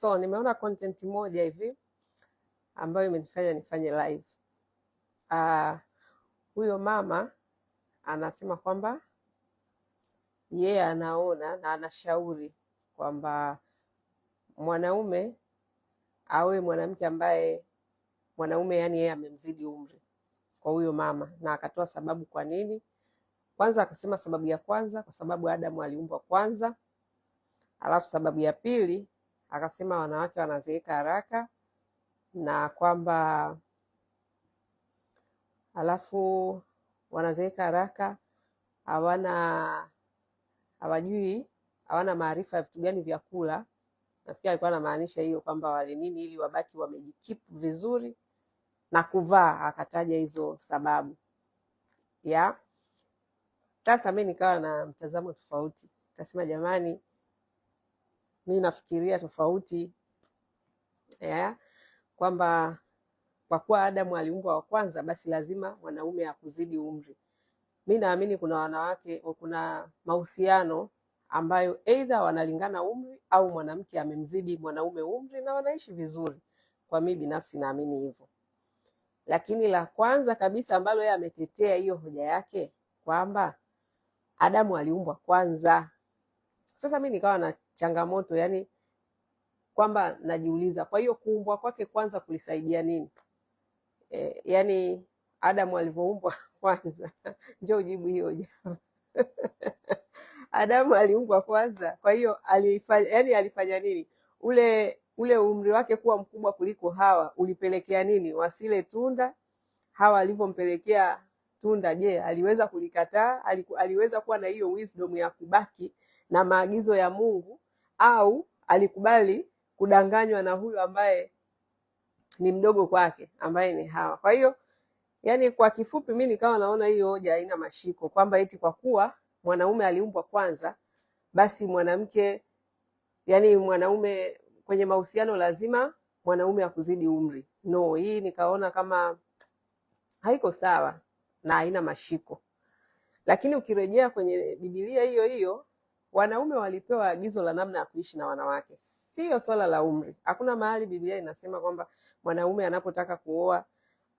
So nimeona content moja hivi ambayo imenifanya nifanye live. Ah, huyo uh, mama anasema kwamba yeye yeah, anaona na anashauri kwamba mwanaume awe mwanamke ambaye mwanaume yani yeye amemzidi umri kwa huyo mama, na akatoa sababu kwa nini. Kwanza akasema sababu ya kwanza, kwa sababu Adamu aliumbwa kwanza, alafu sababu ya pili akasema wanawake wanazeeka haraka na kwamba alafu wanazeeka haraka, hawana hawajui, hawana maarifa ya vitu gani vya kula. Nafikiri alikuwa anamaanisha hiyo kwamba wale nini, ili wabaki wamejikipu vizuri na kuvaa, akataja hizo sababu ya sasa. Mi nikawa na mtazamo tofauti, kasema jamani mi nafikiria tofauti yeah? kwamba kwa kuwa Adamu aliumbwa wa kwanza, basi lazima mwanaume akuzidi umri. Mi naamini kuna wanawake, kuna mahusiano ambayo aidha wanalingana umri au mwanamke amemzidi mwanaume umri na wanaishi vizuri. Kwa mi binafsi naamini hivyo, lakini la kwanza kabisa ambalo yeye ametetea hiyo hoja yake kwamba Adamu aliumbwa kwanza sasa mi nikawa na changamoto yani kwamba najiuliza, kwa hiyo kuumbwa kwake kwanza kulisaidia nini? E, yani Adamu alivyoumbwa kwanza njo ujibu hiyo Adamu aliumbwa kwanza, kwa hiyo alifanya yani alifanya nini? Ule ule umri wake kuwa mkubwa kuliko Hawa ulipelekea nini? Wasile tunda Hawa alivyompelekea tunda, je, aliweza kulikataa? Aliweza kuwa na hiyo wisdom ya kubaki na maagizo ya Mungu au alikubali kudanganywa na huyu ambaye ni mdogo kwake ambaye ni Hawa. Kwa hiyo yani, kwa kifupi, mi nikawa naona hiyo hoja haina mashiko, kwamba eti kwa kuwa mwanaume aliumbwa kwanza, basi mwanamke yani mwanaume kwenye mahusiano lazima mwanaume akuzidi umri. No, hii nikaona kama haiko sawa na haina mashiko, lakini ukirejea kwenye Biblia hiyo hiyo wanaume walipewa agizo la namna ya kuishi na wanawake, sio swala la umri. Hakuna mahali Biblia inasema kwamba mwanaume anapotaka kuoa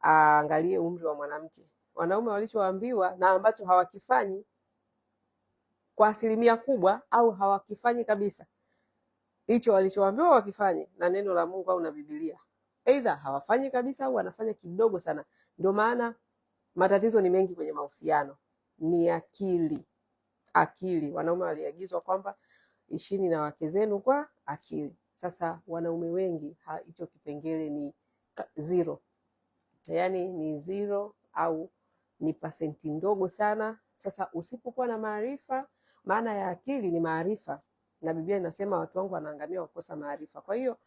aangalie umri wa mwanamke. Wanaume walichoambiwa na ambacho hawakifanyi kwa asilimia kubwa, au hawakifanyi kabisa, hicho walichoambiwa wakifanye na neno la Mungu au na Biblia, aidha hawafanyi kabisa au wanafanya kidogo sana. Ndio maana matatizo ni mengi kwenye mahusiano, ni akili akili. Wanaume waliagizwa kwamba ishini na wake zenu kwa akili. Sasa wanaume wengi hicho kipengele ni zero, yaani ni zero au ni pasenti ndogo sana. Sasa usipokuwa na maarifa, maana ya akili ni maarifa, na Biblia inasema watu wangu wanaangamia kukosa maarifa. Kwa hiyo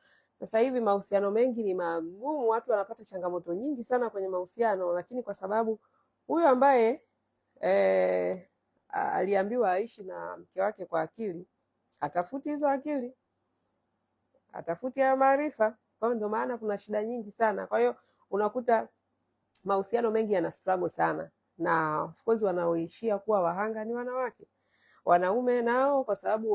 sasa hivi mahusiano mengi ni magumu, watu wanapata changamoto nyingi sana kwenye mahusiano, lakini kwa sababu huyo ambaye eh, aliambiwa aishi na mke wake kwa akili, atafuti hizo akili, atafuti hayo maarifa. Kwa hiyo ndio maana kuna shida nyingi sana. Kwa hiyo unakuta mahusiano mengi yana struggle sana, na of course wanaoishia kuwa wahanga ni wanawake. Wanaume nao kwa sababu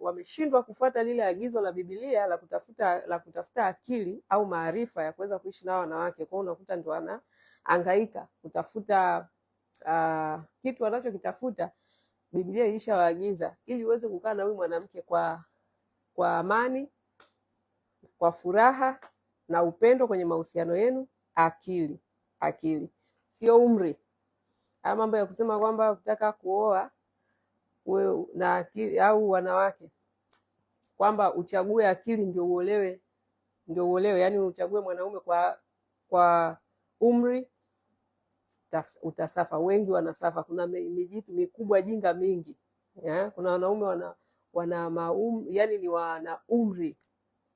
wameshindwa kufuata lile agizo la Biblia la kutafuta la kutafuta akili au maarifa ya kuweza kuishi na wanawake, kwa hiyo unakuta ndio wanaangaika kutafuta uh, kitu wanachokitafuta Biblia ilishawaagiza ili uweze kukaa na huyu mwanamke kwa kwa amani, kwa furaha na upendo kwenye mahusiano yenu. Akili, akili sio umri. Haya mambo ya kusema kwamba ukitaka kuoa we, na akili au wanawake kwamba uchague akili ndio uolewe, ndio uolewe, yani uchague mwanaume kwa kwa umri utasafa. Wengi wanasafa, kuna mijitu mikubwa jinga mingi ya? Kuna wanaume wana, wana maum, yani ni wana umri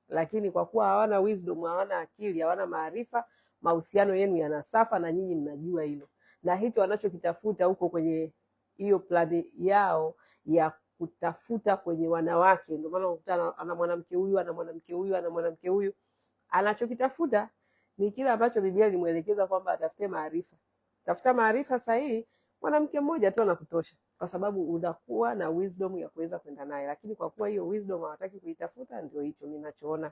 lakini kwa kuwa hawana wisdom, hawana akili, hawana maarifa, mahusiano yenu yanasafa, na nyinyi mnajua hilo, na hicho wanachokitafuta huko kwenye hiyo plani yao ya kutafuta kwenye wanawake. Ndio maana ana mwanamke huyu ana mwanamke huyu ana mwanamke huyu, anachokitafuta ni kile ambacho Biblia ilimwelekeza kwamba atafute maarifa. Tafuta maarifa sahihi, mwanamke mmoja tu anakutosha, kwa sababu unakuwa na wisdom ya kuweza kwenda naye. Lakini kwa kuwa hiyo wisdom hawataki kuitafuta, ndio hicho ninachoona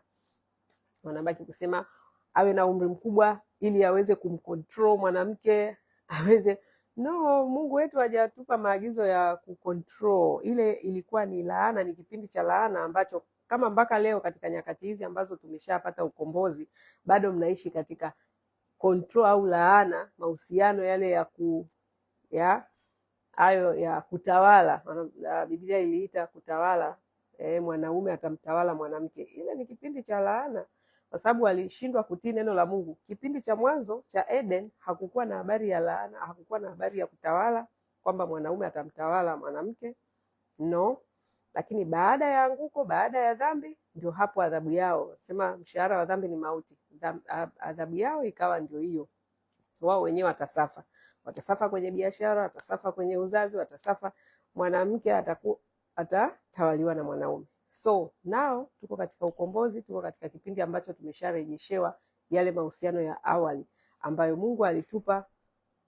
wanabaki kusema awe na umri mkubwa ili aweze kumcontrol mwanamke aweze no. Mungu wetu hajatupa maagizo ya kucontrol. Ile ilikuwa ni laana, ni kipindi cha laana ambacho kama mpaka leo katika nyakati hizi ambazo tumeshapata ukombozi bado mnaishi katika control au laana, mahusiano yale ya ku ya hayo ya kutawala. Ah, Biblia iliita kutawala eh, mwanaume atamtawala mwanamke. Ile ni kipindi cha laana, kwa sababu alishindwa kutii neno la Mungu. Kipindi cha mwanzo cha Eden hakukuwa na habari ya laana, hakukuwa na habari ya kutawala, kwamba mwanaume atamtawala mwanamke no. Lakini baada ya anguko, baada ya dhambi, ndio hapo adhabu yao. Sema mshahara wa dhambi ni mauti, adhabu yao ikawa ndio hiyo. Wao wenyewe watasafa, watasafa kwenye biashara, watasafa kwenye uzazi, watasafa. Mwanamke ataku atatawaliwa na mwanaume. So nao tuko katika ukombozi, tuko katika kipindi ambacho tumesharejeshewa yale mahusiano ya awali ambayo Mungu alitupa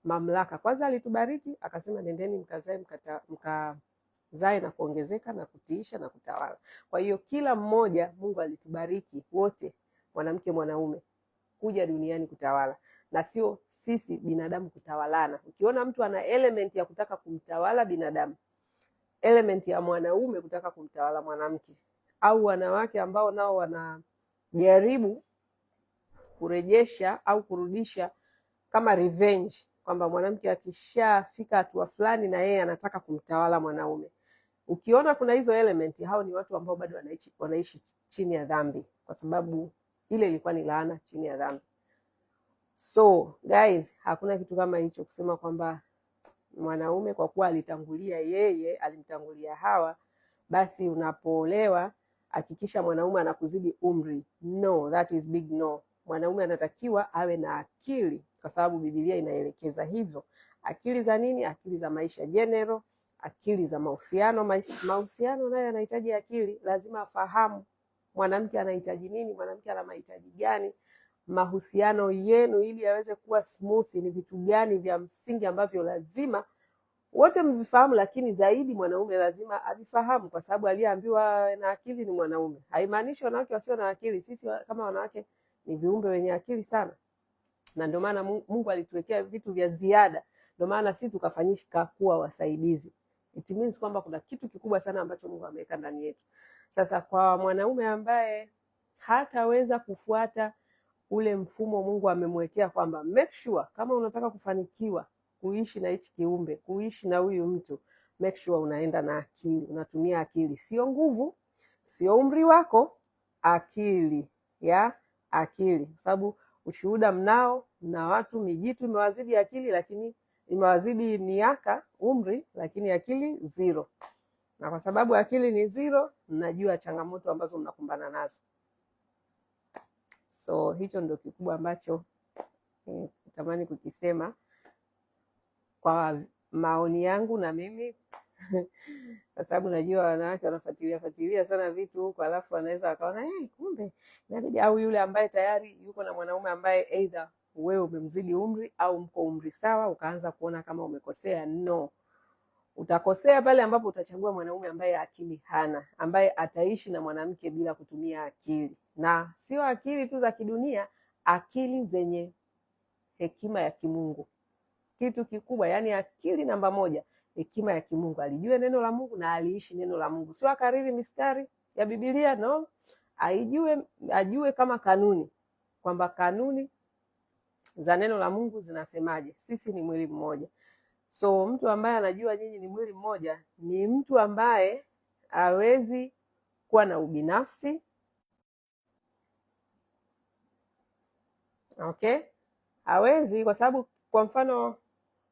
mamlaka. Kwanza alitubariki akasema, nendeni mkazae mkata, mka zae na kuongezeka na kutiisha na kutawala. Kwa hiyo kila mmoja Mungu alitubariki wote, mwanamke mwanaume, kuja duniani kutawala na sio sisi binadamu kutawalana. Ukiona mtu ana element ya kutaka kumtawala binadamu, element ya mwanaume kutaka kumtawala mwanamke, au wanawake ambao nao wanajaribu kurejesha au kurudisha kama revenge kwamba mwanamke akishafika hatua fulani na yeye anataka kumtawala mwanaume. Ukiona kuna hizo element, hao ni watu ambao bado wanaishi, wanaishi chini ya dhambi, kwa sababu ile ilikuwa ni laana chini ya dhambi. So guys, hakuna kitu kama hicho kusema kwamba mwanaume kwa kuwa alitangulia yeye, alimtangulia Hawa, basi unapoolewa hakikisha mwanaume anakuzidi umri. No, that is big no. Mwanaume anatakiwa awe na akili, kwa sababu Biblia inaelekeza hivyo. Akili za nini? Akili za maisha general akili za mahusiano. Mahusiano nayo yanahitaji akili, lazima afahamu mwanamke anahitaji nini, mwanamke ana mahitaji gani. Mahusiano yenu ili yaweze kuwa smooth, ni vitu gani vya msingi ambavyo lazima wote mvifahamu, lakini zaidi mwanaume lazima avifahamu, kwa sababu aliyeambiwa na akili ni mwanaume. Haimaanishi wanawake wasio na akili. Sisi kama wanawake ni viumbe wenye akili sana, na ndio maana Mungu alituwekea vitu vya ziada, ndio maana sisi tukafanyika kuwa wasaidizi. It means kwamba kuna kitu kikubwa sana ambacho Mungu ameweka ndani yetu. Sasa kwa mwanaume ambaye hataweza kufuata ule mfumo Mungu amemwekea kwamba make sure kama unataka kufanikiwa kuishi na hichi kiumbe, kuishi na huyu mtu, make sure unaenda na akili, unatumia akili, sio nguvu, sio umri wako, akili ya akili, kwa sababu ushuhuda mnao na watu mijitu imewazidi akili, lakini imewazidi miaka umri, lakini akili zero. Na kwa sababu akili ni zero, mnajua changamoto ambazo mnakumbana nazo. So hicho ndio kikubwa ambacho eh, natamani eh, kukisema kwa maoni yangu na mimi kwa sababu najua wanawake wanafuatilia fuatilia sana vitu huko, alafu wanaweza wakaona hey, eh, kumbe inabidi, au yule ambaye tayari yuko na mwanaume ambaye eidha wewe umemzidi umri au mko umri sawa, ukaanza kuona kama umekosea. No, utakosea pale ambapo utachagua mwanaume ambaye akili hana, ambaye ataishi na mwanamke bila kutumia akili, na sio akili tu za kidunia, akili zenye hekima ya kimungu. Kitu kikubwa, yani akili namba moja, hekima ya kimungu, alijue neno la Mungu na aliishi neno la Mungu, sio akariri mistari ya Biblia. No, aijue, ajue kama kanuni kwamba kanuni za neno la Mungu zinasemaje? Sisi ni mwili mmoja. So mtu ambaye anajua nyinyi ni mwili mmoja ni mtu ambaye hawezi kuwa na ubinafsi. Okay? Hawezi kwa sababu kwa mfano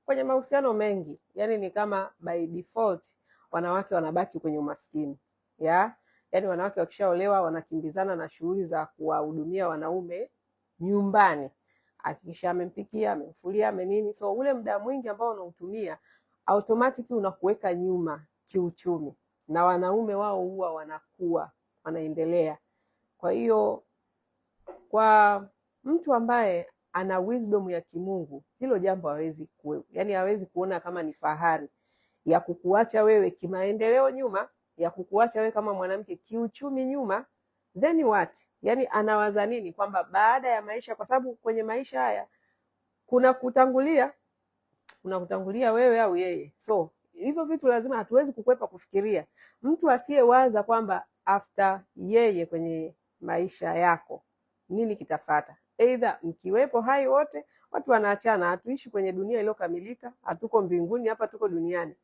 kwenye mahusiano mengi, yani ni kama by default wanawake wanabaki kwenye umaskini. Yeah? Yaani wanawake wakishaolewa wanakimbizana na shughuli za kuwahudumia wanaume nyumbani hakikisha amempikia, amemfulia, amenini. So ule muda mwingi ambao unautumia automatic unakuweka nyuma kiuchumi, na wanaume wao huwa wanakuwa wanaendelea. Kwa hiyo kwa mtu ambaye ana wisdom ya kimungu, hilo jambo hawezi yani hawezi kuona kama ni fahari ya kukuacha wewe kimaendeleo nyuma, ya kukuacha wewe kama mwanamke kiuchumi nyuma then what? Yani anawaza nini kwamba baada ya maisha, kwa sababu kwenye maisha haya kuna kutangulia, kuna kutangulia wewe au yeye. So hivyo vitu lazima, hatuwezi kukwepa kufikiria. Mtu asiyewaza kwamba after yeye kwenye maisha yako nini kitafata, eidha mkiwepo hai wote, watu wanaachana. Hatuishi kwenye dunia iliyokamilika, hatuko mbinguni, hapa tuko duniani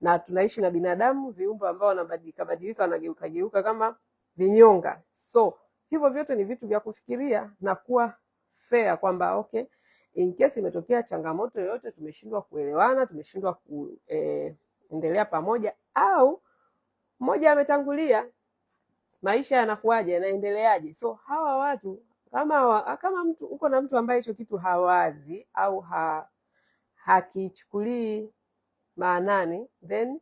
na tunaishi na binadamu, viumbe ambao wanabadilika badilika, wanageuka geuka kama vinyonga. So hivyo vyote ni vitu vya kufikiria na kuwa fair kwamba okay, in case imetokea changamoto yoyote, tumeshindwa kuelewana, tumeshindwa kuendelea eh, pamoja, au mmoja ametangulia, maisha yanakuwaje, yanaendeleaje? So hawa watu kama, kama mtu uko na mtu ambaye hicho kitu hawazi au ha, hakichukulii maanani then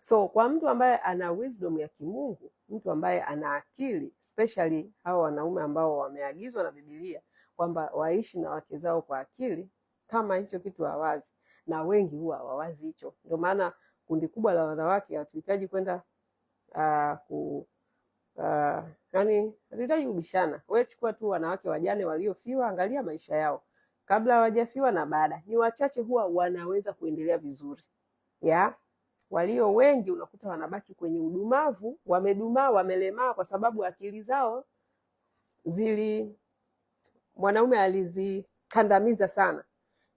so kwa mtu ambaye ana wisdom ya kimungu mtu ambaye ana akili, especially hao wanaume ambao wameagizwa na Biblia kwamba waishi na wake zao kwa akili, kama hicho kitu hawazi, na wengi huwa hawawazi hicho. Ndio maana kundi kubwa la wanawake hatuhitaji kwenda uh, ku uh, yani hatuhitaji kubishana. Wewe chukua tu wanawake wajane waliofiwa, angalia maisha yao kabla hawajafiwa na baada. Ni wachache huwa wanaweza kuendelea vizuri ya Walio wengi unakuta wanabaki kwenye udumavu, wamedumaa, wamelemaa kwa sababu akili zao zili mwanaume alizikandamiza sana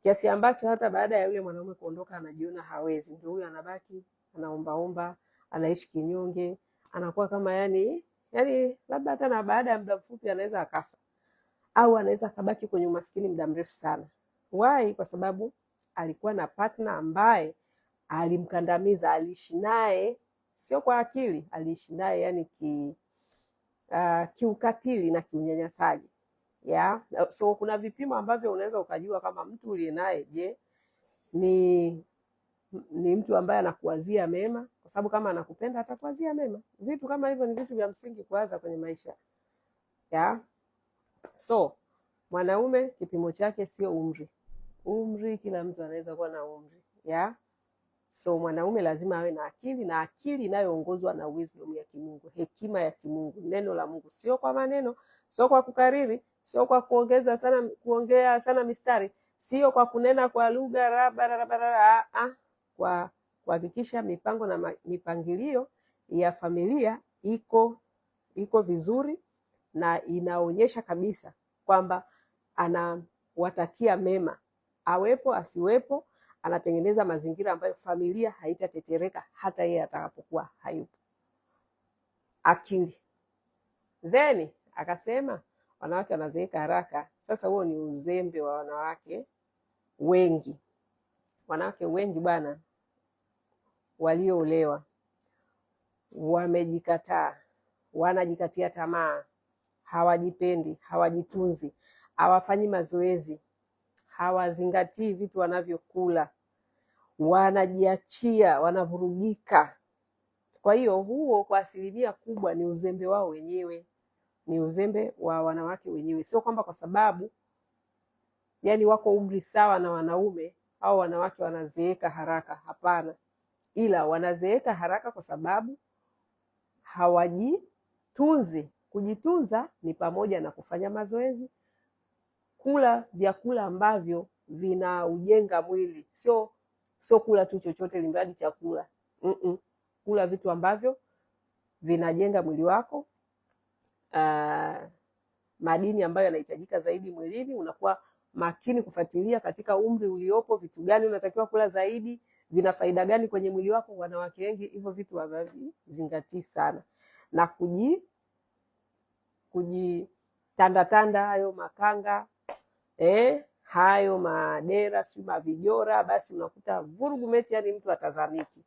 kiasi ambacho hata baada ya yule mwanaume kuondoka anajiona hawezi, ndio huyo anabaki anaombaomba, anaishi kinyonge, anakuwa kama yani yani, labda hata na baada ya muda mfupi anaweza akafa au anaweza akabaki kwenye umaskini muda mrefu sana. Why? Kwa sababu alikuwa na partner ambaye alimkandamiza, aliishi naye sio kwa akili, aliishi naye yani ki uh, kiukatili na kiunyanyasaji ya yeah. So kuna vipimo ambavyo unaweza ukajua kama mtu uliye naye, je, ni ni mtu ambaye anakuwazia mema, kwa sababu kama anakupenda atakuwazia mema. Vitu kama hivyo ni vitu vya msingi kuwaza kwenye maisha ya yeah. So mwanaume kipimo chake sio umri. Umri, kila mtu anaweza kuwa na umri ya yeah. So mwanaume lazima awe na akili, na akili inayoongozwa na wisdom ya kimungu, hekima ya kimungu, neno la Mungu, sio kwa maneno, sio kwa kukariri, sio kwa kuongeza sana, kuongea sana mistari, sio kwa kunena kwa lugha rabarabara, kwa kuhakikisha mipango na mipangilio ya familia iko iko vizuri na inaonyesha kabisa kwamba anawatakia mema, awepo asiwepo anatengeneza mazingira ambayo familia haitatetereka hata yeye atakapokuwa hayupo. Akili. Then akasema wanawake wanazeeka haraka. Sasa huo ni uzembe wa wanawake wengi. Wanawake wengi bwana, walioolewa wamejikataa, wanajikatia tamaa, hawajipendi, hawajitunzi, hawafanyi mazoezi hawazingatii vitu wanavyokula, wanajiachia, wanavurugika. Kwa hiyo huo kwa asilimia kubwa ni uzembe wao wenyewe, ni uzembe wa wanawake wenyewe, sio kwamba kwa sababu yani wako umri sawa na wanaume au wanawake wanazeeka haraka. Hapana, ila wanazeeka haraka kwa sababu hawajitunzi. Kujitunza ni pamoja na kufanya mazoezi, kula vyakula ambavyo vinaujenga mwili, sio sio kula tu chochote limradi chakula mm -mm. Kula vitu ambavyo vinajenga mwili wako. Uh, madini ambayo yanahitajika zaidi mwilini, unakuwa makini kufuatilia katika umri uliopo, vitu gani unatakiwa kula zaidi, vina faida gani kwenye mwili wako. Wanawake wengi hivyo vitu hawavizingatii sana, na kuji kujitandatanda hayo makanga eh, hayo madera si mavijora, basi unakuta vurugu mechi, yani mtu atazamiki,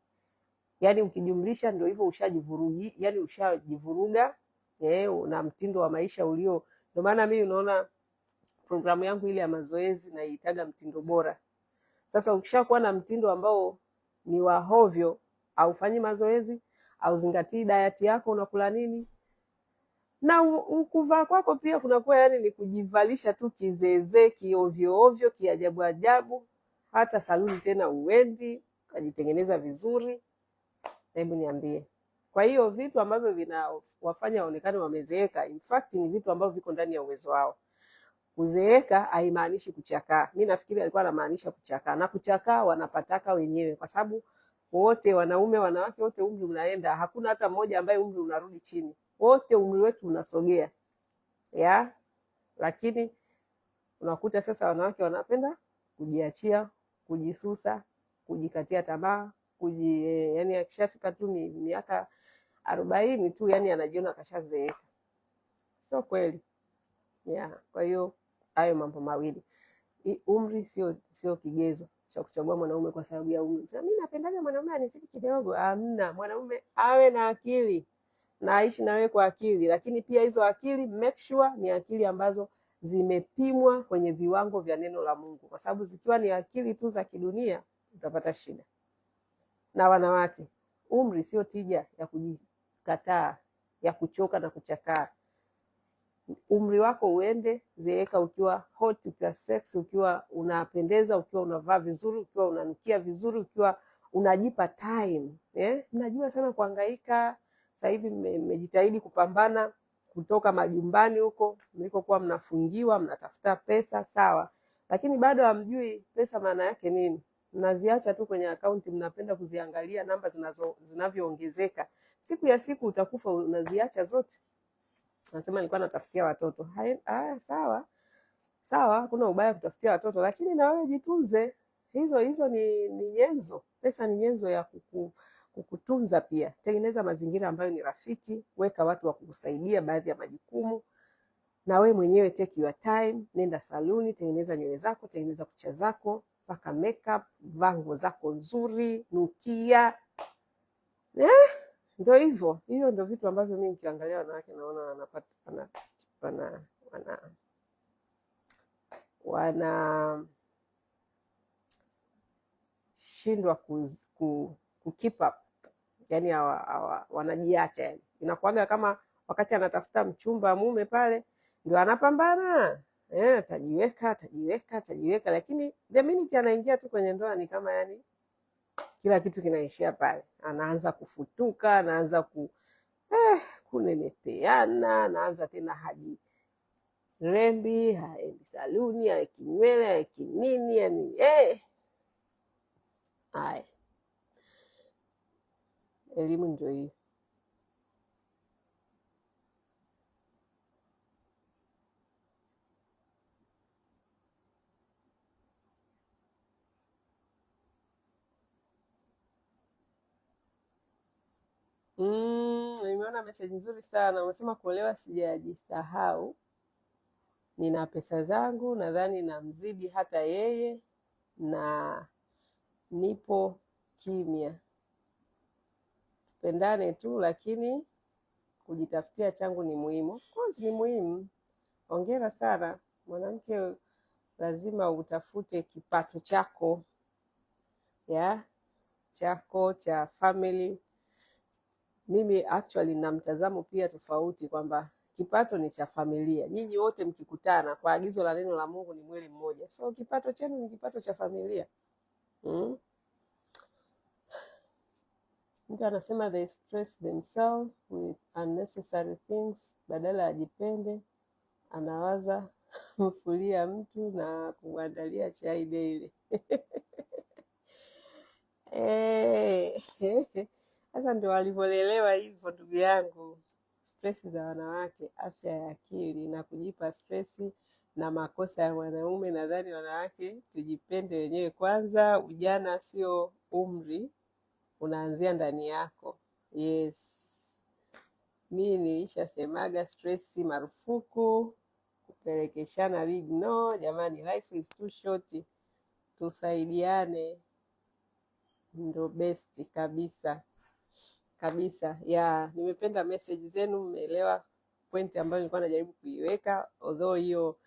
yani ukijumlisha ndio hivyo, ushajivurugi yani ushajivuruga eh, na mtindo wa maisha ulio. Ndio maana mimi unaona programu yangu ile ya mazoezi naitaga mtindo bora. Sasa ukishakuwa na mtindo ambao ni wahovyo, aufanyi mazoezi, auzingatii dayati yako, unakula nini na kuvaa kwako pia kunakuwa yani ni kujivalisha tu kizeezee kiovyoovyo kiajabu ajabu, hata saluni tena uendi ukajitengeneza vizuri. Hebu niambie. Kwa hiyo vitu ambavyo vinawafanya waonekane wamezeeka, in fact ni vitu ambavyo viko ndani ya uwezo wao. Kuzeeka haimaanishi kuchakaa. Mi nafikiri alikuwa anamaanisha kuchakaa, na kuchakaa wanapataka wenyewe, kwa sababu wote wanaume, wanawake, wote umri unaenda, hakuna hata mmoja ambaye umri unarudi chini wote umri wetu unasogea ya, lakini unakuta sasa wanawake wanapenda kujiachia, kujisusa, kujikatia tamaa, kuji e, yani akishafika tu miaka arobaini tu yani anajiona akashazeeka. Sio kweli ya. Kwa hiyo hayo mambo mawili, umri sio sio kigezo cha kuchagua mwanaume kwa sababu ya umri. Sasa mimi napendaga mwanaume anizidi kidogo, amna. Mwanaume awe na akili naishi aishi na wewe kwa akili, lakini pia hizo akili make sure ni akili ambazo zimepimwa kwenye viwango vya neno la Mungu, kwa sababu zikiwa ni akili tu za kidunia utapata shida. Na wanawake, umri sio tija ya kujikataa, ya kuchoka na kuchakaa. Umri wako uende, zeeka ukiwa hot, ukiwa sex, ukiwa unapendeza, ukiwa unavaa vizuri, ukiwa unanukia vizuri, ukiwa unajipa time eh? Mnajua sana kuhangaika sasa hivi mmejitahidi kupambana kutoka majumbani huko mlikokuwa mnafungiwa, mnatafuta pesa sawa, lakini bado hamjui pesa maana yake nini. Mnaziacha tu kwenye akaunti, mnapenda kuziangalia namba zinazo zinavyoongezeka. Siku ya siku utakufa, unaziacha zote. Nasema nilikuwa natafutia watoto. Haya, sawa sawa, kuna ubaya kutafutia watoto, lakini na wewe jitunze. Hizo hizo ni, ni nyenzo. Pesa ni nyenzo ya kuku kukutunza pia. Tengeneza mazingira ambayo ni rafiki, weka watu wa kukusaidia baadhi ya majukumu, na we mwenyewe take your time. Nenda saluni, tengeneza nywele zako, tengeneza kucha zako, paka makeup, vaa nguo zako nzuri, nukia eh? Ndo hivyo, hiyo ndo vitu ambavyo mi nikiangalia wanawake naona wanapata wana, wana, wana, wana shindwa ku kukeep up, yani wanajiacha yani. Inakuaga kama wakati anatafuta mchumba mume pale ndio anapambana eh, atajiweka atajiweka atajiweka, lakini the minute anaingia tu kwenye ndoa ni kama yani kila kitu kinaishia pale, anaanza kufutuka, anaanza ku eh, kunenepeana, anaanza tena haji rembi haendi saluni, haeki nywele, haeki nini, yani eh, haya Elimu ndio hii. Mm, nimeona meseji nzuri sana. Umesema kuolewa sijajisahau, nina pesa zangu, nadhani namzidi hata yeye, na nipo kimya. Pendane tu, lakini kujitafutia changu ni muhimu. Of course ni muhimu, ongera sana mwanamke, lazima utafute kipato chako ya chako cha family. Mimi actually na mtazamo pia tofauti kwamba kipato ni cha familia. Nyinyi wote mkikutana kwa agizo la neno la Mungu ni mwili mmoja, so kipato chenu ni kipato cha familia mm. Mtu anasema they stress themselves with unnecessary things, badala ajipende, anawaza mfulia mtu na kumwandalia chai daily. Eh, sasa ndio walivyolelewa hivyo, ndugu yangu. Stresi za wanawake, afya ya akili na kujipa stresi na makosa ya mwanaume. Nadhani wanawake tujipende wenyewe kwanza. Ujana sio umri unaanzia ndani yako. Yes, mi nilishasemaga stress marufuku, kupelekeshana big no. Jamani, life is too short, tusaidiane, ndo best kabisa kabisa ya yeah. Nimependa message zenu, mmeelewa pointi ambayo nilikuwa najaribu kuiweka, although hiyo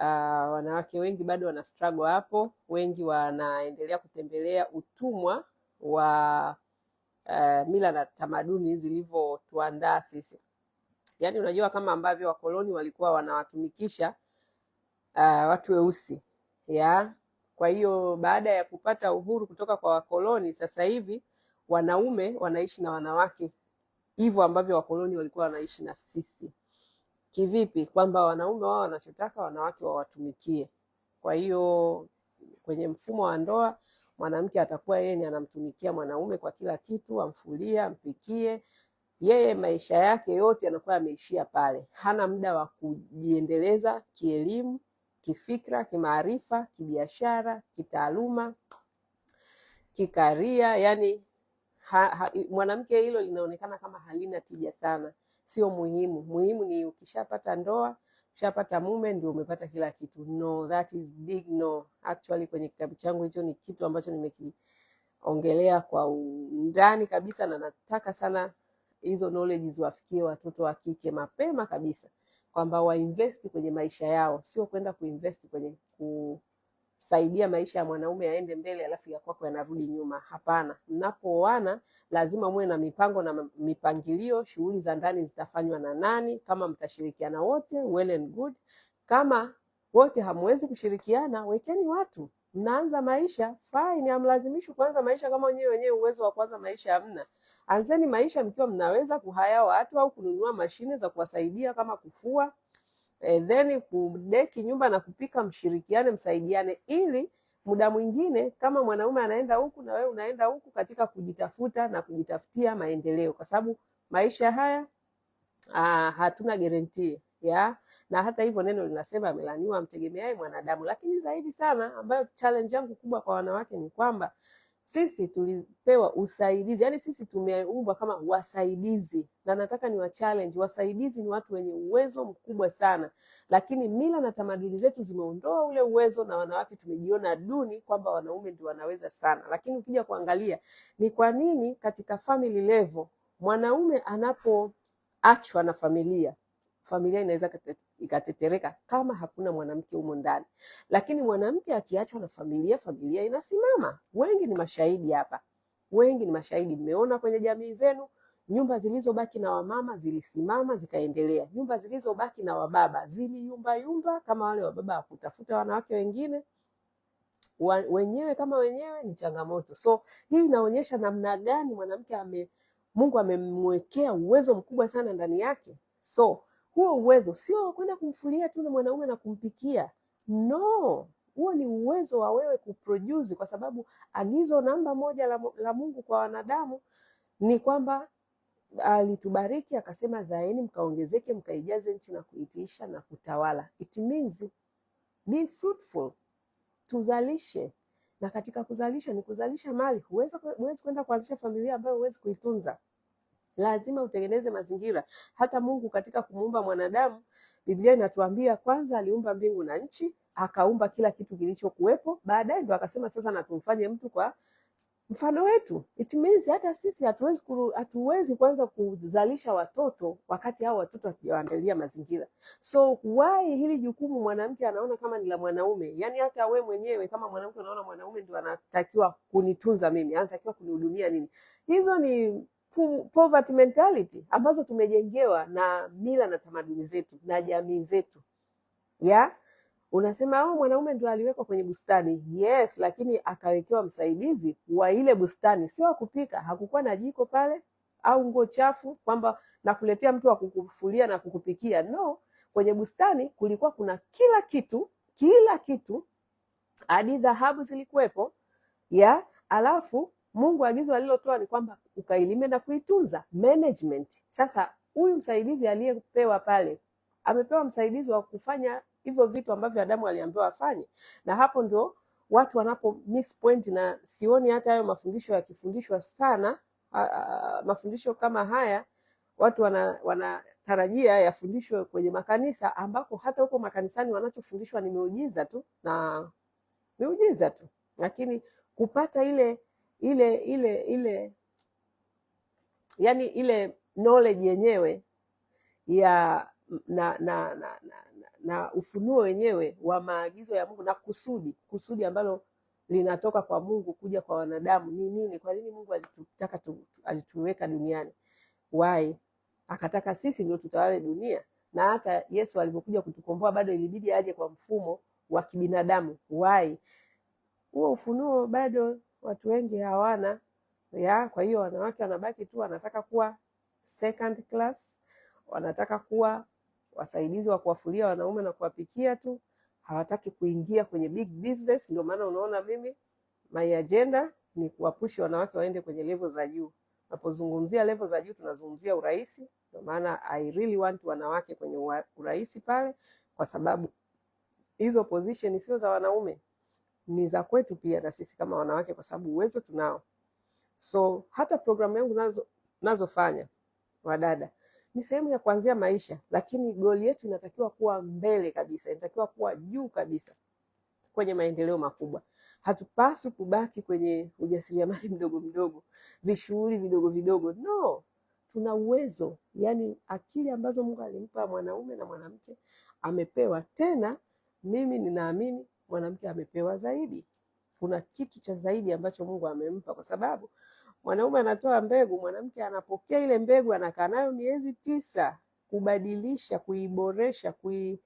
Uh, wanawake wengi bado wana struggle hapo, wengi wanaendelea kutembelea utumwa wa uh, mila na tamaduni zilivyotuandaa sisi. Yaani unajua kama ambavyo wakoloni walikuwa wanawatumikisha uh, watu weusi ya kwa hiyo baada ya kupata uhuru kutoka kwa wakoloni, sasa hivi wanaume wanaishi na wanawake hivyo ambavyo wakoloni walikuwa wanaishi na sisi. Kivipi? Kwamba wanaume wao wanachotaka wanawake wawatumikie. Kwa hiyo kwenye mfumo wa ndoa mwanamke atakuwa yeye ni anamtumikia mwanaume kwa kila kitu, amfulie, ampikie yeye maisha yake yote anakuwa ameishia pale, hana muda wa kujiendeleza kielimu, kifikra, kimaarifa, kibiashara, kitaaluma, kikaria. Yani ha, ha, mwanamke hilo linaonekana kama halina tija sana, sio muhimu. Muhimu ni ukishapata ndoa ushapata mume ndio umepata kila kitu. No, that is big no. Actually kwenye kitabu changu hicho ni kitu ambacho nimekiongelea kwa undani kabisa, na nataka sana hizo knowledge ziwafikie watoto wa kike mapema kabisa, kwamba wainvesti kwenye maisha yao, sio kwenda kuinvesti kwenye ku saidia maisha ya mwanaume yaende mbele, alafu ya kwako yanarudi nyuma. Hapana, mnapooana lazima muwe na mipango na mipangilio. Shughuli za ndani zitafanywa na nani? Kama mtashirikiana wote, well and good. Kama wote hamwezi kushirikiana, wekeni watu mnaanza maisha fine. Hamlazimishwi kuanza maisha kama wenyewe wenyewe uwezo wa kuanza maisha hamna. Anzeni maisha mkiwa mnaweza kuhaya watu au kununua mashine za kuwasaidia kama kufua Eh, then kudeki nyumba na kupika, mshirikiane, msaidiane, ili muda mwingine kama mwanaume anaenda huku na wewe unaenda huku katika kujitafuta na kujitafutia maendeleo, kwa sababu maisha haya ah, hatuna guarantee ya na hata hivyo neno linasema amelaniwa amtegemeaye mwanadamu. Lakini zaidi sana ambayo challenge yangu kubwa kwa wanawake ni kwamba sisi tulipewa usaidizi, yaani sisi tumeumbwa kama wasaidizi, na nataka ni wa challenge. Wasaidizi ni watu wenye uwezo mkubwa sana, lakini mila na tamaduni zetu zimeondoa ule uwezo, na wanawake tumejiona duni kwamba wanaume ndio wanaweza sana. Lakini ukija kuangalia ni kwa nini katika family level mwanaume anapoachwa na familia familia inaweza ikatetereka kama hakuna mwanamke humo ndani. Lakini mwanamke akiachwa na familia, familia inasimama. Wengi ni mashahidi hapa, wengi ni mashahidi. Mmeona kwenye jamii zenu, nyumba zilizobaki na wamama zilisimama zikaendelea, nyumba zilizobaki na wababa ziliyumbayumba kama wale wababa wakutafuta wanawake wengine wa, wenyewe kama wenyewe ni changamoto. So hii inaonyesha namna gani mwanamke ame Mungu amemwekea uwezo mkubwa sana ndani yake. So huo uwezo sio wa kwenda kumfulia tu na mwanaume na kumpikia, no. Huo ni uwezo wa wewe kuproduce, kwa sababu agizo namba moja la, la Mungu kwa wanadamu ni kwamba alitubariki akasema, zaeni mkaongezeke, mkaijaze nchi na kuitiisha na kutawala. It means be fruitful, tuzalishe. Na katika kuzalisha ni kuzalisha mali. Huwezi kwenda kuanzisha familia ambayo huwezi kuitunza lazima utengeneze mazingira. Hata Mungu katika kumuumba mwanadamu, Biblia inatuambia kwanza aliumba mbingu na nchi, akaumba kila kitu kilichokuwepo. Baadaye ndo akasema sasa natumfanye mtu kwa mfano wetu. It means hata sisi hatuwezi hatuwezi kwanza kuzalisha watoto wakati hao watoto hatujawaandalia mazingira. So why hili jukumu mwanamke anaona kama ni la mwanaume? Yani hata we mwenyewe kama mwanamke unaona mwanaume ndio anatakiwa kunitunza mimi, anatakiwa kunihudumia nini? Hizo ni poverty mentality ambazo tumejengewa na mila na tamaduni zetu na jamii zetu ya unasema oh, mwanaume ndio aliwekwa kwenye bustani. Yes, lakini akawekewa msaidizi wa ile bustani, sio kupika. Hakukuwa na jiko pale au nguo chafu kwamba nakuletea mtu wa kukufulia na kukupikia. No, kwenye bustani kulikuwa kuna kila kitu, kila kitu, hadi dhahabu zilikuwepo ya alafu Mungu agizo alilotoa ni kwamba ukailime na kuitunza management. Sasa huyu msaidizi aliyepewa pale amepewa msaidizi wa kufanya hivyo vitu ambavyo Adamu aliambiwa afanye, na hapo ndio watu wanapo miss point, na sioni hata hayo mafundisho yakifundishwa sana. Uh, mafundisho kama haya watu wanatarajia wana yafundishwe kwenye makanisa, ambako hata huko makanisani wanachofundishwa ni miujiza tu na miujiza tu, lakini kupata ile ile ile ile yani ile knowledge yenyewe ya na na, na, na, na na ufunuo wenyewe wa maagizo ya Mungu na kusudi kusudi ambalo linatoka kwa Mungu kuja kwa wanadamu ni nini? Kwa nini Mungu alitutaka tu, alituweka duniani why? Akataka sisi ndio tutawale dunia, na hata Yesu alipokuja kutukomboa bado ilibidi aje kwa mfumo wa kibinadamu why? Huo ufunuo bado watu wengi hawana ya. Kwa hiyo wanawake wanabaki tu wanataka kuwa second class, wanataka kuwa wasaidizi wa kuwafulia wanaume na kuwapikia tu, hawataki kuingia kwenye big business. Ndio maana unaona mimi my agenda ni kuwapushi wanawake waende kwenye levo za juu. Napozungumzia levo za juu, tunazungumzia urahisi Ndio maana I really want wanawake kwenye urahisi pale, kwa sababu hizo position sio za wanaume, ni za kwetu pia na sisi kama wanawake, kwa sababu uwezo tunao. So hata programu yangu nazo nazofanya wadada ni sehemu ya kuanzia maisha, lakini goli yetu inatakiwa kuwa mbele kabisa, inatakiwa kuwa juu kabisa kwenye maendeleo makubwa. Hatupaswi kubaki kwenye ujasiriamali mdogo mdogo, vishughuli vidogo vidogo. No, tuna uwezo, yaani akili ambazo Mungu alimpa mwanaume na mwanamke amepewa. Tena mimi ninaamini mwanamke amepewa zaidi kuna kitu cha zaidi ambacho Mungu amempa, kwa sababu mwanaume anatoa mbegu, mwanamke anapokea ile mbegu, anakaa nayo miezi tisa kubadilisha, kuiboresha, kui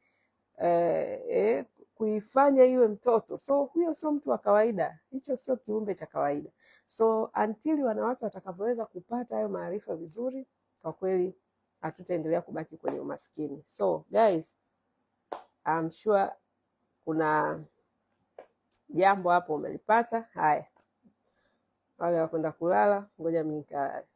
eh, eh, kuifanya iwe mtoto. So huyo sio mtu wa kawaida, hicho sio kiumbe cha kawaida. So until wanawake watakavyoweza kupata hayo maarifa vizuri, kwa kweli hatutaendelea kubaki kwenye umaskini. So guys, I'm sure kuna jambo hapo umelipata. Haya, wale wakwenda kulala, ngoja mimi nikalale.